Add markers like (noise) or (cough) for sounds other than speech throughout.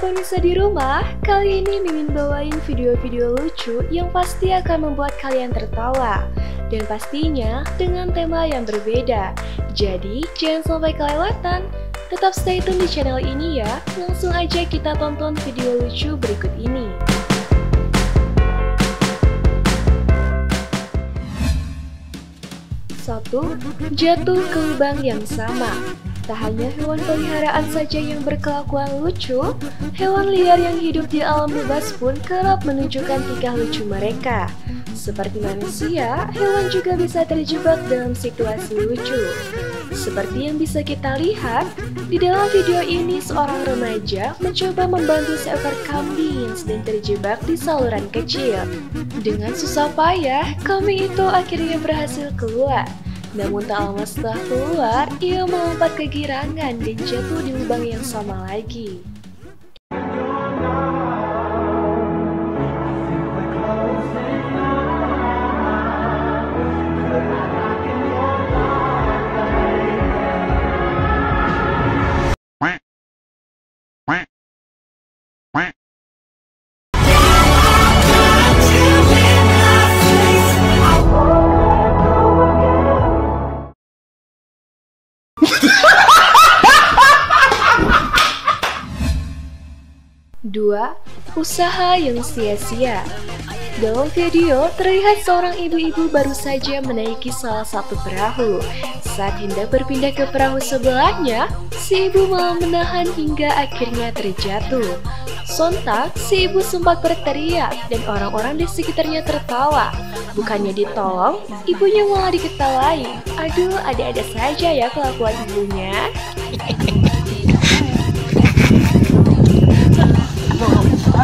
Pemirsa di rumah, kali ini Mimin bawain video-video lucu yang pasti akan membuat kalian tertawa Dan pastinya dengan tema yang berbeda Jadi jangan sampai kelewatan Tetap stay tune di channel ini ya Langsung aja kita tonton video lucu berikut ini Satu, jatuh ke lubang yang sama Tak hanya hewan peliharaan saja yang berkelakuan lucu, hewan liar yang hidup di alam bebas pun kerap menunjukkan tingkah lucu mereka. Seperti manusia, hewan juga bisa terjebak dalam situasi lucu. Seperti yang bisa kita lihat, di dalam video ini seorang remaja mencoba membantu seekor kambing dan terjebak di saluran kecil. Dengan susah payah, kambing itu akhirnya berhasil keluar. Namun tak lama setelah keluar, ia melompat kegirangan dan jatuh di lubang yang sama lagi. kedua, usaha yang sia-sia. Dalam video, terlihat seorang ibu-ibu baru saja menaiki salah satu perahu. Saat hendak berpindah ke perahu sebelahnya, si ibu malah menahan hingga akhirnya terjatuh. Sontak, si ibu sempat berteriak dan orang-orang di sekitarnya tertawa. Bukannya ditolong, ibunya malah diketawain. Aduh, ada-ada saja ya kelakuan ibunya.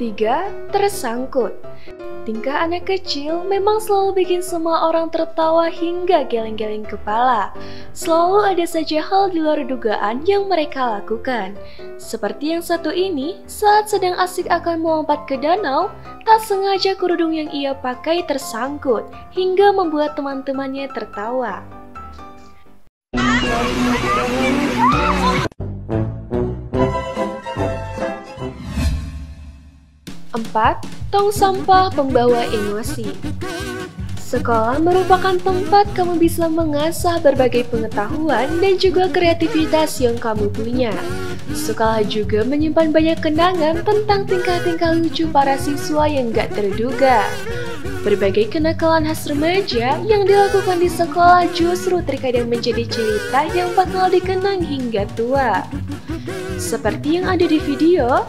3. Tersangkut Tingkah anak kecil memang selalu bikin semua orang tertawa hingga geleng-geleng kepala. Selalu ada saja hal di luar dugaan yang mereka lakukan. Seperti yang satu ini, saat sedang asik akan melompat ke danau, tak sengaja kerudung yang ia pakai tersangkut hingga membuat teman-temannya tertawa. 4. Tong sampah pembawa emosi Sekolah merupakan tempat kamu bisa mengasah berbagai pengetahuan dan juga kreativitas yang kamu punya. Sekolah juga menyimpan banyak kenangan tentang tingkah-tingkah lucu para siswa yang gak terduga. Berbagai kenakalan khas remaja yang dilakukan di sekolah justru terkadang menjadi cerita yang bakal dikenang hingga tua. Seperti yang ada di video,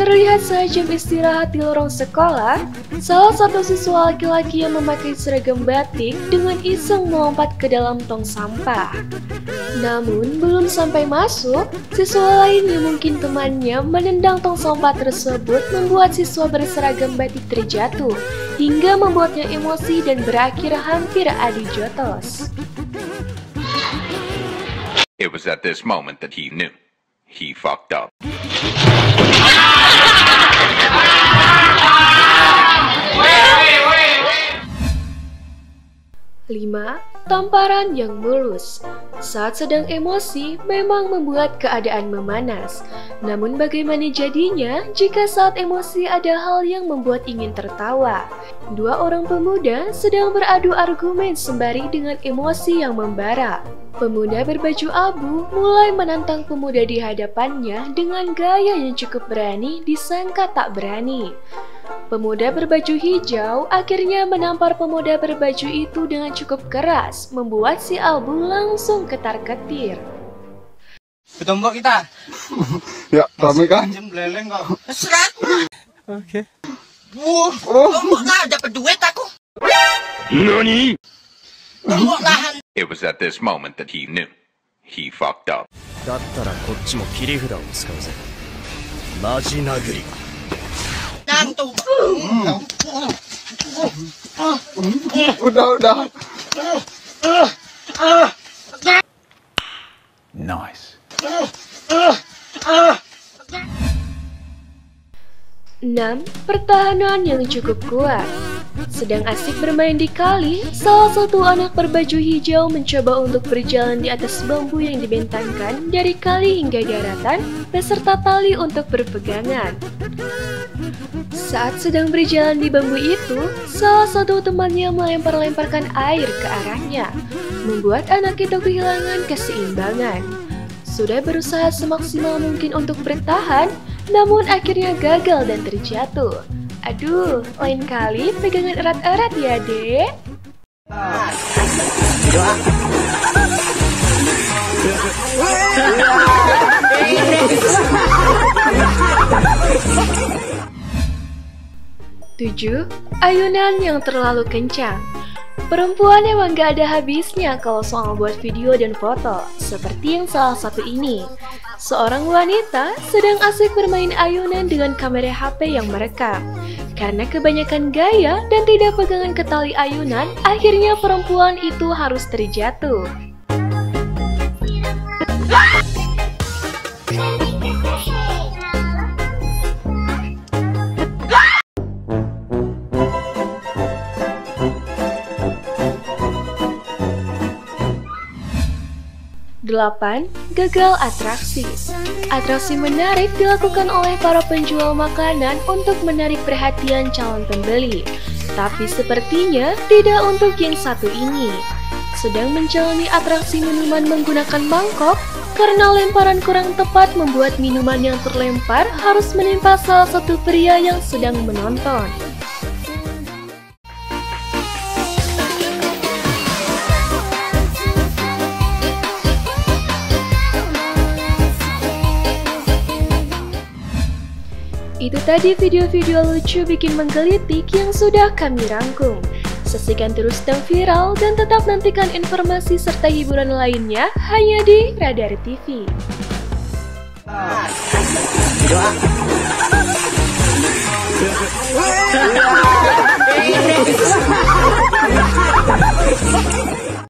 Terlihat saat istirahat di lorong sekolah, salah satu siswa laki-laki yang memakai seragam batik dengan iseng melompat ke dalam tong sampah. Namun, belum sampai masuk, siswa lain yang mungkin temannya menendang tong sampah tersebut membuat siswa berseragam batik terjatuh, hingga membuatnya emosi dan berakhir hampir adi jotos. It was at this moment that he knew. He fucked up. 5. Tamparan yang mulus Saat sedang emosi memang membuat keadaan memanas. Namun bagaimana jadinya jika saat emosi ada hal yang membuat ingin tertawa? Dua orang pemuda sedang beradu argumen sembari dengan emosi yang membara. Pemuda berbaju abu mulai menantang pemuda di hadapannya dengan gaya yang cukup berani disangka tak berani. Pemuda berbaju hijau akhirnya menampar pemuda berbaju itu dengan cukup keras, membuat si Albu langsung ketar-ketir. Betombok kita. (laughs) ya, kami kan. Beleleng kok. Serat. Oke. Wuh, tombok oh. lah dapat duit aku. Nani? Tombok lahan. It was at this moment that he knew. He fucked up. だったらこっちも切り札を使うぜ。マジ殴り。Udah, udah. Nice. Enam, pertahanan yang cukup kuat. Sedang asik bermain di kali, salah satu anak berbaju hijau mencoba untuk berjalan di atas bambu yang dibentangkan dari kali hingga daratan beserta tali untuk berpegangan. Saat sedang berjalan di bambu itu, salah satu temannya melempar-lemparkan air ke arahnya, membuat anak itu kehilangan keseimbangan. Sudah berusaha semaksimal mungkin untuk bertahan, namun akhirnya gagal dan terjatuh. Aduh, lain kali pegangan erat-erat ya, Dek. Ah. 7. Ayunan yang terlalu kencang Perempuan emang gak ada habisnya kalau soal buat video dan foto, seperti yang salah satu ini. Seorang wanita sedang asik bermain ayunan dengan kamera HP yang merekam. Karena kebanyakan gaya dan tidak pegangan ke tali ayunan, akhirnya perempuan itu harus terjatuh. 8. Gagal atraksi Atraksi menarik dilakukan oleh para penjual makanan untuk menarik perhatian calon pembeli. Tapi sepertinya tidak untuk yang satu ini. Sedang menjalani atraksi minuman menggunakan mangkok, karena lemparan kurang tepat membuat minuman yang terlempar harus menimpa salah satu pria yang sedang menonton. Itu tadi video-video lucu bikin menggelitik yang sudah kami rangkum. Saksikan terus tentang viral dan tetap nantikan informasi serta hiburan lainnya hanya di Radar TV.